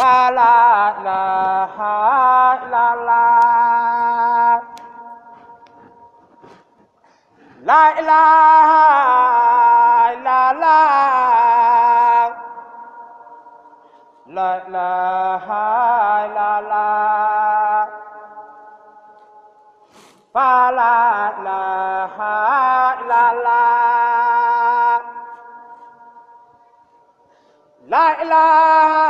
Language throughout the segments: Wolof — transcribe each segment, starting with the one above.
la la la ha la la la ilaha la la la la ha la la fa la la ha la la la ilaha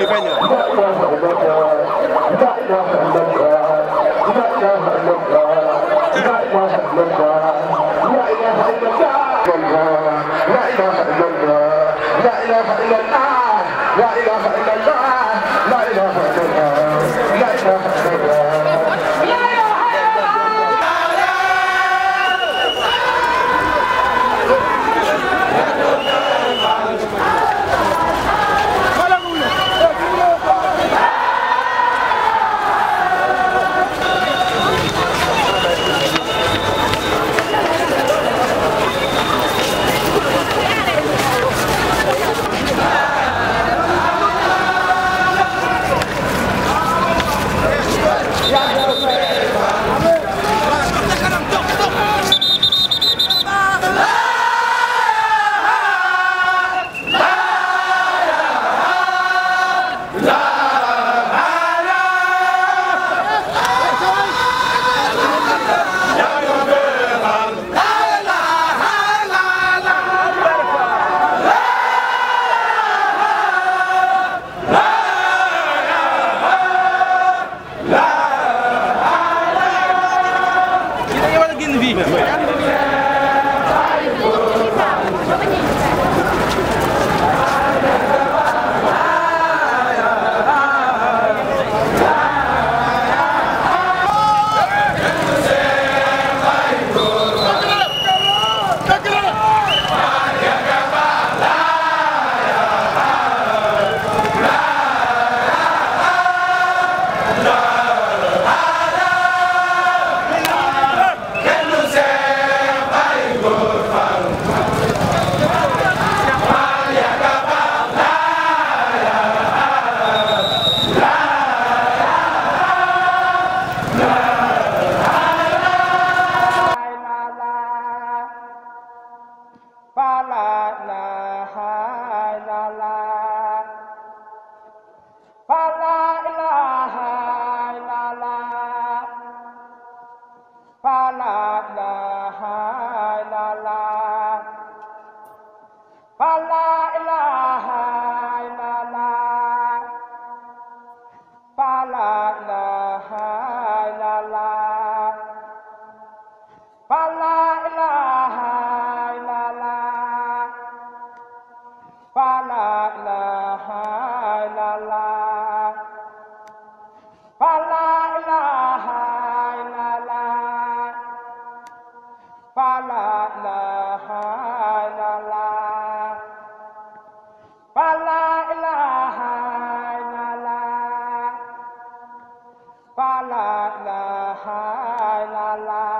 mi feeñ na la ilaha illallah la la la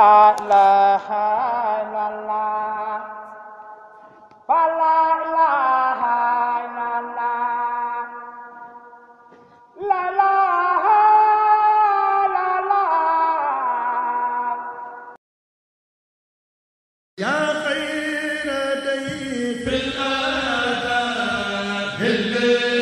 yaa xayra day fil aadaa